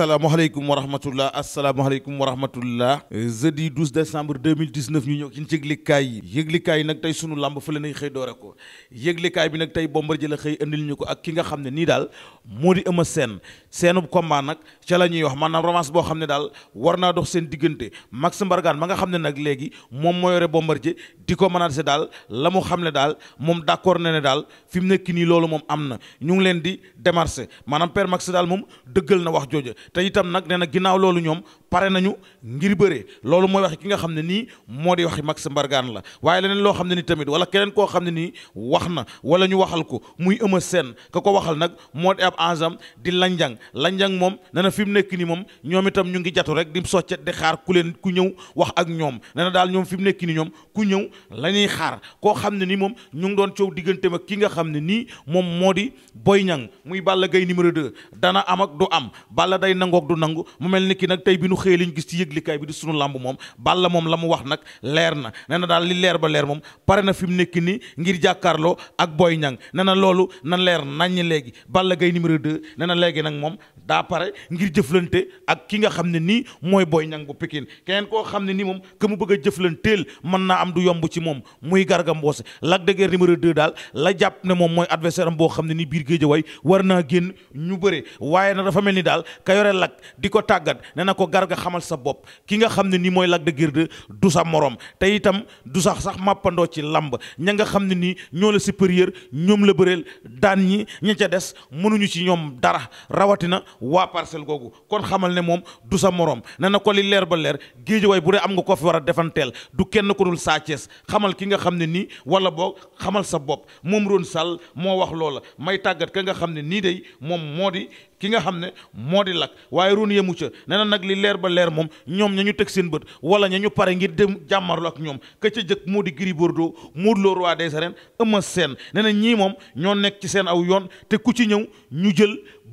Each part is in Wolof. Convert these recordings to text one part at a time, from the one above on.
asalaamaaleykum wa rahmatullah asalaamaaleykum wa rahmatullah jeudi 12 décembre 2019 ñu ñëw ci yëglikaay yi yëglikaay yi nag tey sunu lamb fële nañ xëy doore ko yëglikaay bi nag tey Bombardier la xëy andil ñu ko ak ki nga xam ne nii daal moo di am a seen seenub combat nag ca la ñuy wax maanaam romance boo xam ne daal war naa dox seen diggante Max Mbargane ba nga xam ne nag léegi moom moo yore Bombardier di ko menacé daal la mu xam ne daal moom d'accord na ne daal fi mu nekk nii loolu moom am na ñu ngi leen di démarché maanaam Père Max daal moom dëggal na wax jooja te itam nag nee na ginnaaw loolu ñoom pare nañu ngir bëree loolu mooy wax ki nga xam ne nii moo di waxi Max Mbargane la waaye leneen loo xam ne ni tamit wala keneen xam ne nii wax na wala ñu waxal ko muy Eumeu Sène ka ko waxal nag moo di ab di lanjang lanjang moom fi mu nekk nii moom ñoom itam ñu ngi jatu rek di soccet di xaar ku leen ku ñëw wax ak ñoom nee na daal ñoom fi mu nekk nii ñoom ku ñëw la ñuy xaar koo xam ne nii moom ñu ngi doon coow digganteem ma ki nga xam ne nii moom moo di Boy Niang muy Balla gay numéro 2 dana am ak du am Balla day nangook du nangu mu mel ni ki nag tey bi nu xëyee liñ gis ci yëglikaay bi di sunu làmb moom Balla moom la mu wax nag leer na nee na daal li leer ba leer moom pare na fi mu nekk nii ngir jàkkaarloo ak Boy Niang nee na loolu na leer naññ léegi Balla Gaye numéro 2 léegi nag moom daa pare ngir jëflante ak ki nga xam ne nii mooy Boy Niang bu Pikine keneen koo xam ne nii moom que mu bëgg a jëflanteel mën naa am du yomb ci moom muy Garga Mbossé Lac de Guiers numéro 2 daal la jàpp ne moom mooy adversaire am boo xam ne nii biir Guédiawaye war naa génn ñu bëre waaye na dafa mel ni daal ka yore di ko tàggat ne na ko Garga xamal sa bopp ki nga xam ne nii mooy Lac de du sa moroom te itam du sax sax màppandoo ci lamb ña nga xam ne nii ñoo la supérieur ñoom la bëreel daan ñi ña ca des mënuñu ci ñoom dara rawatina waa googu kon xamal ne moom du sa morom ne na ko li leer ba leer géejawaay bu dee am nga ko fi war a defanteel du kenn ko dul Sa Thiès xamal ki nga xam ne nii wala boo xamal sa bopp moom Roune Sall moo wax loola may tàggat ka nga xam ne nii day moom moo di ki nga xam ne moo di lakk waaye Roune yemu ca nee na nag li leer ba leer moom ñoom ña ñu teg seen bët wala ña ñu pare ngir dem jàmmarlu ak ñoom ka ca jëkk moo di Gris Bordeaux Modou Lo roi des arènes Eumeu Sène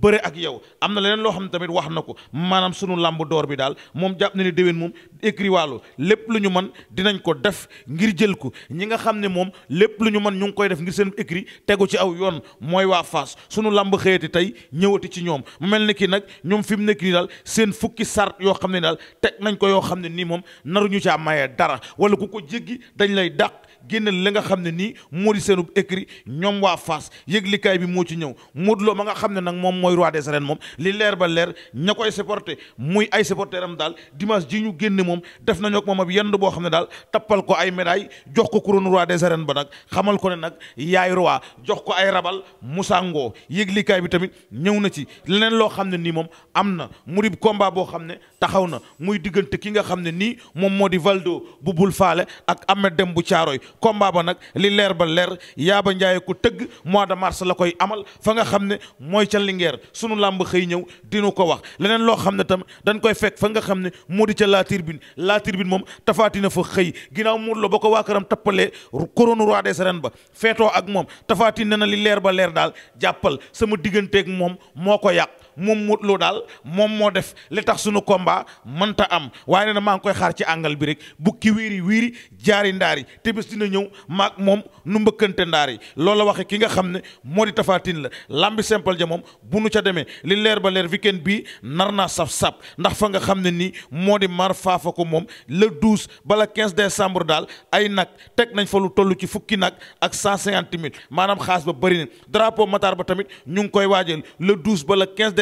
bëre ak yow am na leneen loo xam ne tamit wax na ko maanaam sunu làmb door bi daal moom jàpp na ni déwén moom écrit waalo lépp lu ñu man dinañ ko def ngir jël ko ñi nga xam ne moom lépp lu ñu man ñu ngi koy def ngir seen écrit tegu ci aw yoon mooy waa Fass sunu làmb xëyati tey ñëwati ci ñoom mu mel ni kii nag ñoom fi mu nekk nii daal seen fukki sart yoo xam ne daal teg nañ ko yoo xam ne nii moom naru ñu caa maye dara wala ku ko jéggi dañ lay dàq génne li nga xam ne nii moo di seenub écrit ñoom waa Fass yëglikaay bi moo ci ñëw Modou Lo ma nga xam ne nag moom mooy roi des arènes moom li leer ba leer ña koy supporté muy ay supporter am daal dimanche ji ñu génne moom def nañu ak moom ab yend boo xam ne daal tappal ko ay médaille jox ko couronne roi des arènes ba nag xamal ko ne nag yaay roi jox ko ay rabal Moussa Ngoo yëglikaay bi tamit ñëw na ci leneen loo xam ne nii moom am na mu di combat boo xam ne taxaw na muy diggante ki nga xam ne nii moom moo di Valdo bu bul faale ak Ahmed Dem bu Caaroy combat ba nag li leer ba leer Yaaba Njaay ko tëgg mois de mars la koy amal fa nga xam ne mooy ca Linguère sunu làmb xëy ñëw dina ko wax leneen loo xam ne tam dañ koy fekk fa nga xam ne moo di ca la tribune la tribune moom tafaatina fa xëy ginnaaw Modou la ba ko waa këram tappalee couronne roi des arènes ba feetoo ak moom tafaatin ne na li leer ba leer daal jàppal sama digganteek moom moo ko yàq moom Modou loo daal moom moo def li tax sunu combat mënta am waaye na maa ngi koy xaar ci àngal bi rek bukki wiiri wiiri jaari ndaar yi te bés dina ñëw maak moom nu mbëkkante ndaari loolu la waxee ki nga xam ne moo di tafaatin la lambi simple ja moom bu nu ca demee li leer ba leer weekend bi nar naa saf-saf ndax fa nga xam ne nii moo di mar faafa ko moom le 12 bala 15 décembre daal ay nag teg nañ fa lu toll ci fukki nag ak 150 000 maanaam xaas ba bëri na drapeau Matar ba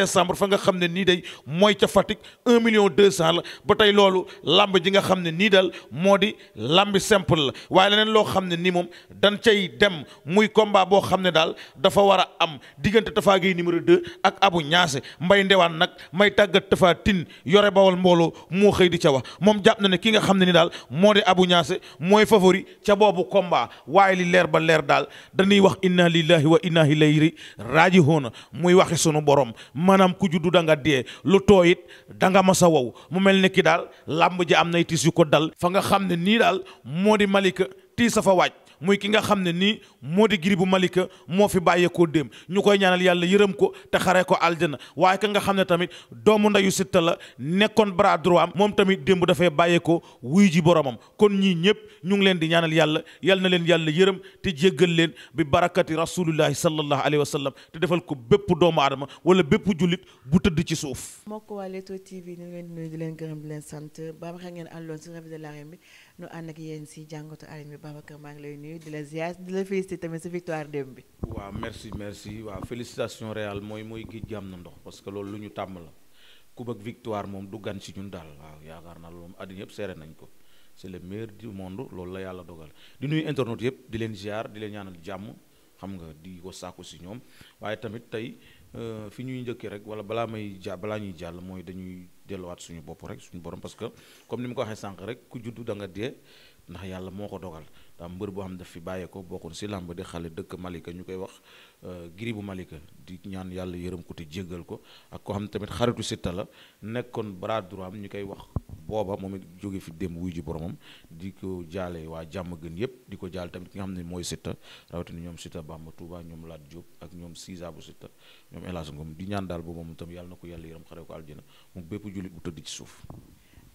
décembre fa nga xam ne nii day mooy ca Fatick un million deux cent la ba tey loolu lamb ji nga xam ne nii daal moo di lambi simple la waaye leneen loo xam ne nii moom dan cay dem muy combat boo xam ne daal dafa war a am diggante Tafa Gueye numéro deux ak Abu Ñaase mbay ndewaan nag may tàggat Tafa tin yore bawal mbooloo moo xëy di ca wax moom jàpp na ne ki nga xam ne ni daal moo di Abu Ñaase mooy favori ca boobu combat waaye li leer ba leer daal dañuy wax inna lillahi maanaam ku juddu danga nga dee lu tooyit da nga mas a wow mu mel ni kii daal làmb ji am nay tiis yu ko dal fa nga xam ne nii daal moo di Malika tiis safa fa waaj muy ki nga xam ne nii moo di Gris bu Malika moo fi bàyyeekoo déem ñu koy ñaanal yàlla yërëm ko te xaree ko aljana waaye ka nga xam ne tamit doomu ndeyu Siteu la nekkoon bras am moom tamit démb dafay bàyyeekoo wuy ji boromam kon ñii ñëpp ñu ngi leen di ñaanal yàlla yal na leen yàlla yërëm te jéggal leen bi barakati rasulillahi sallallahu alayhi wa sallam te defal ko bépp doomu aadama wala bépp jullit bu tëdd ci suuf. mbokk waa Leewtoo TV ñu ngi leen di leen gërëm di leen ngeen àndoon ci nu ànd ak yéen si jàngatu arène bi Babacar maa ngi lay nuyu di la ziar di la félicité tamit sa victoire démb bi. waaw merci merci waaw félicitation réelle mooy mooy géej gi am na ndox parce que loolu lu ñu tàmm la ku bëgg victoire moom du gan si ñun daal waaw yaakaar naa loolu moom àddina yëpp seere nañ ko c'est le meilleur du monde loolu la yàlla dogal di nuyu internautes yëpp di leen ziar di leen ñaanal jàmm xam nga di ko sàkku si ñoom waaye tamit tey. Euh, fi ñuy njëkkee rek wala balaa may ja balaa ñuy jàll mooy dañuy delluwaat suñu bopp rek suñu borom parce que comme ni mu ko waxee sànq rek ku juddu da nga dee ndax yàlla moo ko dogal daa mbër boo xam daf fi bàyyee ko bokkoon si làmb di xale dëkk Malika ñu koy wax euh, gri bu Malika di ñaan yàlla yërëm ko te jéggal ko ak ko xam ne tamit xaritu Siteu la nekkoon bras droit am ñu koy wax booba moom it jóge fi dem wuy ji boromam di ko jaale waa jàmm gën yëpp di ko jaal tamit ki nga xam ne mooy Siteu rawatina ñoom Siteu Bamba Touba ñoom Lat Diop ak ñoom Sisa bu Siteu ñoom El Hadj di ñaan daal boobu moom tam yàlla na ko yàlla yërëm xare ko aljina moom bépp jullit bu tëdd ci suuf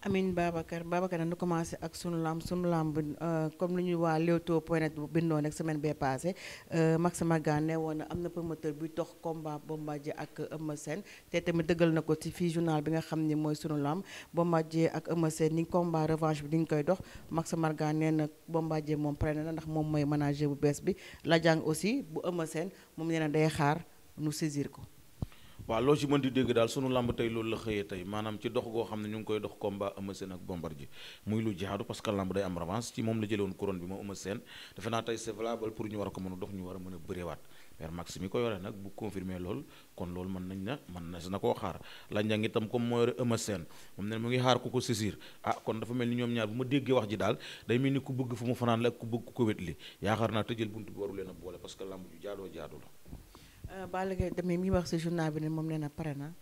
Amin Babacar Babacar nu commencé ak sunu lamb sunu lamb euh, comme lu ñuy waa Leewtoo point bu bindoo rek semaine bee passé euh, Max Magane ne woon am na promoteur buy tox combat Bombardier ak Eumeu Sène te tamit dëggal na ko ci fii journal bi nga xam ni mooy sunu lamb Bombardier ak Eumeu Sène ni combat revanche bi di nga koy dox Max Magane nee na Bombardier moom preneur na ndax moom mooy manager bu bees bi la jàng aussi bu Eumeu seen moom nee na day xaar nu saisir ko waaw loo ci mën di dégg daal sunu lamb tey loolu la xëyee tey maanaam ci dox goo xam ne ñu ngi koy dox combat Eumeu Sène ak Bombardier muy lu jaadu parce que lamb day am revanche ci moom la jëlee woon couronne bi moom Eumeu Sène defe naa tey c'est pour ñu war a ko mën a dox ñu war a mën a bëreewaat père Max mi ko yore nag bu confirmé lool kon loolu mën nañ na mën na na koo xaar lañ ngi itam comme moo yore Eumeu moom ne mu ngi xaar ku ko saisir ah kon dafa mel ni ñoom ñaar bu ma déggee wax ji daal day mel ni ku bëgg fu mu fanaan la ak ku bëgg ku ko wét li yaakaar naa tëjël bunt bi waru leen Euh, Balla Gaye demee mi wax si journal bi ne moom nee na pare na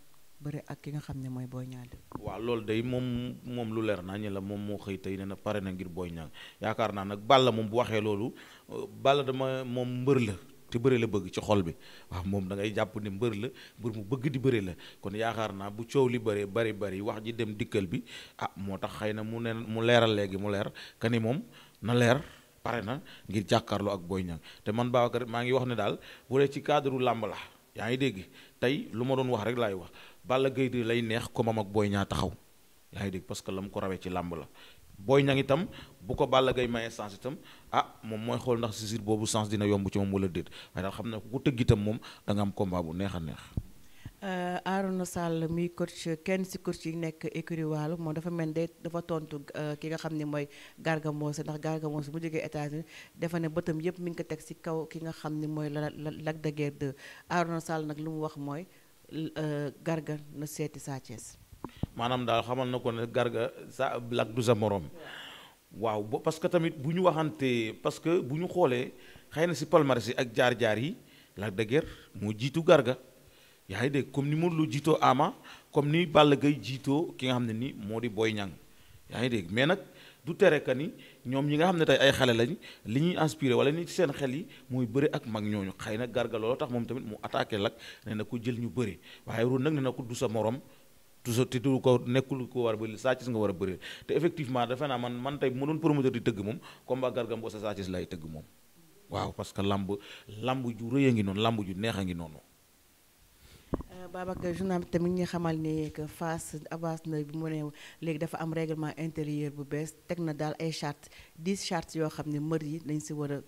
bëri ak ki nga xam ne mooy Boy Niang. waaw loolu day moom moom lu leer naa ñu la moom moo xëy tey nee na pare na ngir Boy Niang yaakaar naa nag Balla moom bu waxee loolu euh, Balla dama moom mbër la. te bëre la bëgg ci xol bi waaw moom da jàpp ne mbër la mbër mu bëgg di bëre la kon yaakaar naa bu coow li bëree bari bari wax ji dem dikkal bi ah moo tax xëy na mu ne mu leeral léegi mu leer kani moom na leer pare na ngir jàkkaarloo ak Boy Niang te man Babacar maa ngi wax ne daal bu ci cadre làmb la yaa ngi dégg tey lu ma doon wax rek laay wax Balla Gaye 2 lay neex ko mam ak Boy Niang taxaw yaa ngi dégg parce que la mu ko rawee ci làmb la Boy Niang itam bu ko Balla gay mayee sens itam ah moom mooy xool ndax si boobu sens dina yomb ci moom wala déet waaye daal xam ne ku ko tëgg itam moom da am combat bu neex a neex Euh, Arouna Sall mi coach kenn si coach yi nekk écurie Waalo moom dafa mel de dafa tontu euh, ki nga xam ni mooy Garga Mbossé ndax Garga Mbossé bu jógee États-Unis dafa ne bëtam yëpp mi ngi ko teg si kaw ki nga xam ne mooy la Lac de Guiers 2 Arouna Sall nag lu mu wax mooy euh, Garga na seeti Sa maanaam daal xamal na ko ne Garga sa Lac du sa moroom waaw bo parce que tamit bu ñu waxante parce que bu ñu xoolee xëy na si palmarès yi ak jaar-jaar yi Lac de Guiers moo jiitu Garga. yaa ngi dégg comme ni Modou Lo jiitoo Ama comme ni Balla Gaye jiitoo ki nga xam ne ni moo di Boy Niang yaa ngi dégg mais nag du tere que ni ñoom ñi nga xam ne tey ay xale lañ li ñuy inspiré wala ni ci seen xel yi mooy bëre ak mag ñooñu xëy na garga loolu tax moom tamit mu attaqué lag ne na ko jël ñu bëre waaye ron nag ne na ko du sa morom toujours te du ko nekkulu ko war a bëri Sa nga war a bëri te effectivement defe naa man man tey bu ma doon promoteur di tëgg moom combat Garga Mbossé Sa Thiès lay tëgg moom waaw parce que lamb lamb ju rëy ngi noonu lamb ju neex a ngi noonu Babacar journal bi tamit ñi xamal ni que Fass avance na bi mu ne léegi dafa am réglement intérieur bu bees teg na daal ay charte di chartes yoo xam ne mbër yi dañ si war a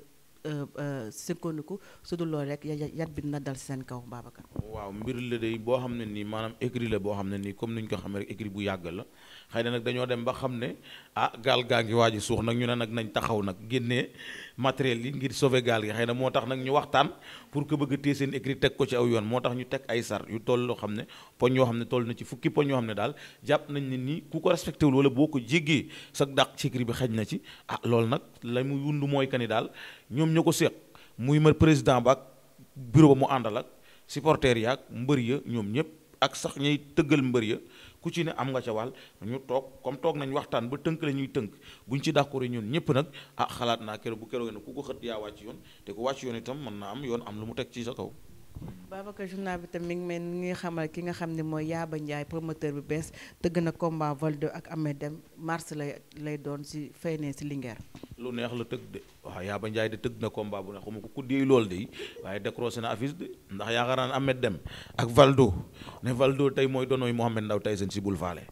euh, euh, sëkkandiku su dul loolu rek yat bi na dal seen kaw Babacar. waaw mbir la day boo xam ne nii maanaam écrit la boo xam ne nii comme ni ñu xam xamee rek écrit bu yàgg la xëy na nag dañoo dem ba xam ne ah gaal gaa ngi waaj a suux nag ñu ne nag nañ taxaw nag génnee matériel yi ngir sauver gaal xëy na moo tax nag ñu waxtaan pour que bëgg a seen écrit teg ko ci aw yoon moo tax ñu teg ay sar yu toll loo xam ne poñ yoo xam ne toll na ci fukki poñ yoo xam ne daal jàpp nañ ne nii ku ko respecté wul wala boo ko jéggee sa dàq ci bi xaj na ci ah loolu nag la mu wund mooy que ni daal ñoom ñoo ko seq muy ma président ba ak bureau ba mu àndal ak supporters ak mbër ya ñoom ñëpp ak sax ñuy tëggal mbër ya ku ci ne am nga ca wàll ñu toog comme toog nañ waxtaan ba tënk la ñuy tënk buñ ci d'accord ñun ñëpp nag a ah xalaat naa keroog bu keroog ne ku ko xët yaa wàcc yoon te ku wàcc yoon itam mën naa am yoon am lu mu teg ci sa kaw Babacar journal bi tam mi ngi mel ni nga xamal ki nga xam ne mooy Yaaba Ndiaye promoteur bu bees tëgg na combat Valdo ak Ameth dem mars lay lay doon si fay ne si Linguère. lu neex la tëgg de waaw Yaaba Ndiaye de tëgg na combat bu neex xamu ko ku déy lool de waaye décroché na affiche de ndax yaakaar naa dem Ameth Dème ak Valdo ne Valdo tey mooy yi Mouhamed Ndao tey seen si bul faale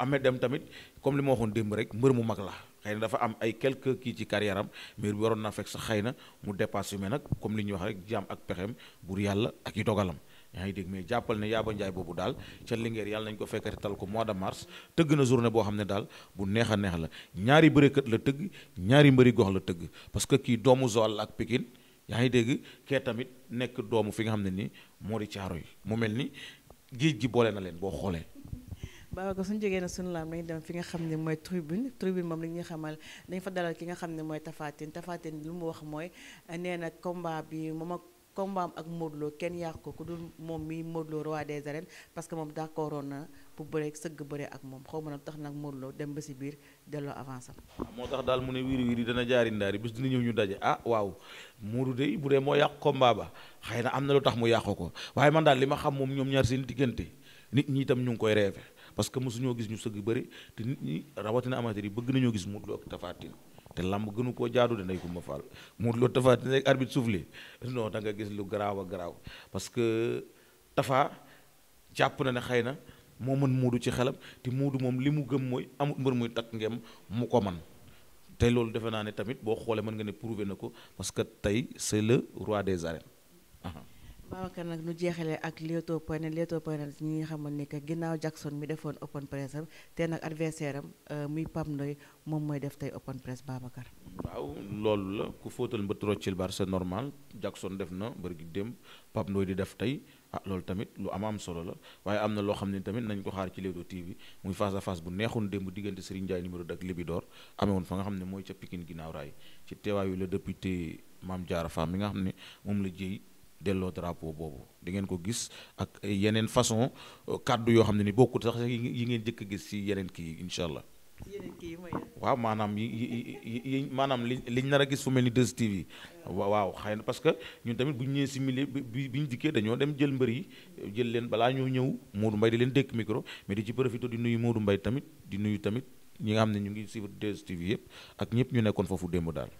amee dem tamit comme li ma waxoon démb rek mbër mu mag la. xëy na dafa am ay quelques kii ci carrière yaram mbir bi waroon naa fekk sax xëy na mu dépassé mais nag comme li ñu wax rek jaam ak pexem buur yàlla ak yi dogalam yaa ngi dégg mais jàppal ne Yaaba Njaay boobu daal ca Linguère yàlla nañ ko fekkee tal ko mois de mars tëgg na journée boo xam ne daal bu neex a neex la ñaari bëreekat la tëgg ñaari mbëri gox la tëgg parce que kii doomu Joal la ak Pikine yaa ngi dégg kee tamit nekk doomu fi nga xam ne nii moo di caaro yi mu mel ni géej gi boole na leen boo xoolee Babacar suñu jegee na suñu laam ma dem fi nga xam ne mooy tribune tribune moom la ñuy xamal dañ fa dalal ki nga xam ne mooy Tapha Tine lu mu wax mooy nee na combat bi moom ak combat ak Modou Lo kenn yàq ko ku moom mi Modou Lo roi des arènes parce que moom d'accordoon na bu bëree moom xaw ma nag tax nag Modou dem ba si biir delloo avance am. Ah, moo tax daal mu ne wiiri wiiri dana jaari ndaari bis dina ñëw ñu daje ah waaw Modou de bu dee moo yàq combat ba xëy na am na lu tax mu yàqu ko waaye man daal li ma xam moom ñoom ñaar seen diggante nit ñi itam ñu ngi koy reefe parce que mosuñoo gis ñu sëgg bëri te nit ñi rawatina amateur yi bëgg nañoo gis Modou Lo ak Tapha te làmb gënu koo jaadu de ndey Kumba Fall Modou Lo Tapha Tine rek arbitre soufflé non gis lu garaaw garaaw parce que Tapha jàpp na ne xëy na moo mën Modou ci xelam te Modou moom li mu gëm mooy amut mbër muy takk ngem mu ko man tey loolu defe naa ne tamit boo xoolee mën nga ne prouver na ko parce que tey c'est le roi des arènes. Babacar nag nu jeexalee ak Leewtoo point net Leewtoo point net ñi nga xamoon ni que ginnaaw Jackson mi defoon open press am te nag adversaire am euh, muy Pape Ndoye moom mooy def tey open press Babacar. waaw loolu la ku fóotal ba troccil bar sa normal Jackson def na gi dem Pape Ndoye di def tey ah loolu tamit lu am am solo la waaye am na loo xam ne tamit nañ ko xaar ci Leewtoo TV muy face à face bu neexoon démb diggante Serigne Ndiaye numéro 2 ak Libidor amewoon fa nga xam ne mooy ca Pikine ginnaaw raay ci teewaayu la député Mame nga xam ne moom la jéey. delloo drapeau boobu di ngeen ko gis ak yeneen façon euh, kàddu yoo xam ne ni bokkut sax yi ngeen jëkk gis ci yeneen kii incha allah. waaw maanaam yi yi maanaam li liñ nar a gis fu mel ni 2STV waaw xëy na parce que ñun tamit bu ñu ñëwee si milieu bi bi ñu dikkee dañoo dem jël mbër yi jël leen balaa ñoo ñëw Modou Mbaye di leen dékk micro mais di ci profité di nuyu Modou mbay tamit di nuyu tamit ñi nga xam ne ñu ngi suivre 2STV yëpp ak ñëpp ñu nekkoon foofu démb daal.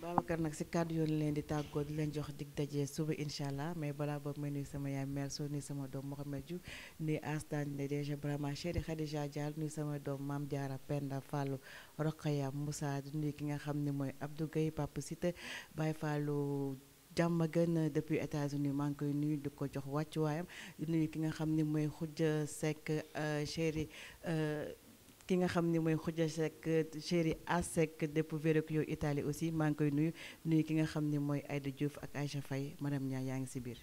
Babacar nag si kàddu yoon leen di tàggoo di leen jox dig daje suba incha allah mais balaa boobu may nuyu sama yaay mère soo nuyu sama doom Mouhamed Diouf nuyu Astan ne déjà Brahma Chéri Khadija Diallo nuyu sama doom maam Diarra Penda Fallou Rokhaya Moussa di nuyu ki nga xam ne mooy Abdou Gueye Papa Cité Baye Fallou jàmm gën depuis États-Unis maa ngi koy nuyu di ko jox wàccuwaayam di nuyu ki nga xam ni mooy Khoudia Seck euh, Chéri. Euh, ki nga xam ni mooy Khoudia Seck chéri Asec dépp Verocchio itali aussi maa ngi koy nuyu nuyu ki nga xam ni mooy Aïda Diouf ak Aïcha Faye madame ñaa yaa ngi si biir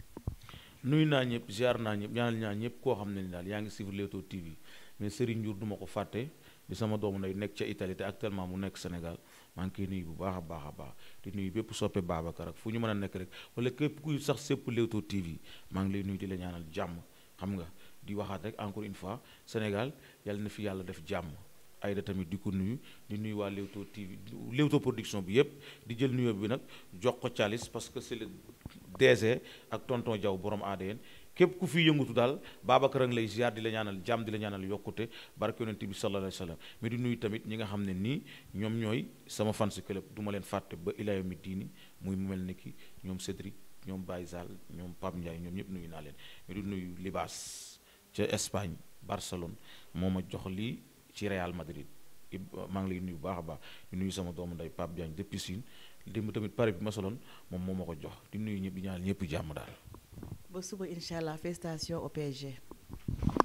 nuyu naa ñëpp ziar naa ñëpp ñaanal ñaa ñëpp koo xam ne ni daal yaa ngi suivre Leewtoo TV mais Serigne njur duma ko fàtte di sama doomu nday nekk ca Italie te actuellement mu nekk Sénégal maa ngi koy nuyu bu baax a baax a baax di nuyu bépp soppe Babacar rek fu ñu mën a nekk rek wala képp kuy sax sépp Leewtoo TV maa ngi lay nuyu di la ñaanal jàmm xam nga di waxaat rek encore une fois Sénégal yàlla na fi yàlla def jàmm Aïda tamit di ko nuyu di nuyu waa Leewtoo TV Leewtoo production bi yëpp di jël nuyoo bi nag jox ko Thialis parce que c'est le DG ak tonton Diaw borom ADN képp ku fi yëngutu daal Babacar a lay ziar di la ñaanal jàmm di la ñaanal yokkute barke yonent bi sallallahu alayhi wa sallam di nuyu tamit ñi nga xam ne nii ñoom ñooy sama fans club du ma leen fàtte ba ilaa mi diini muy mel ni ki ñoom Cédric ñoom Baye Sall ñoom Pape Ndiaye ñoom ñëpp nuyu naa leen ca Espagne Barcelone moo ma jox lii ci Real Madrid maa ngi lay nuyu bu baax baax di nuyu sama doomu nday Pape Diagne depuis Chine démb tamit pare bi ma soloon moom moo ma ko jox di nuyu ñëpp bi ñaanal ñëpp jàmm daal. ba suba incha allah félicitation au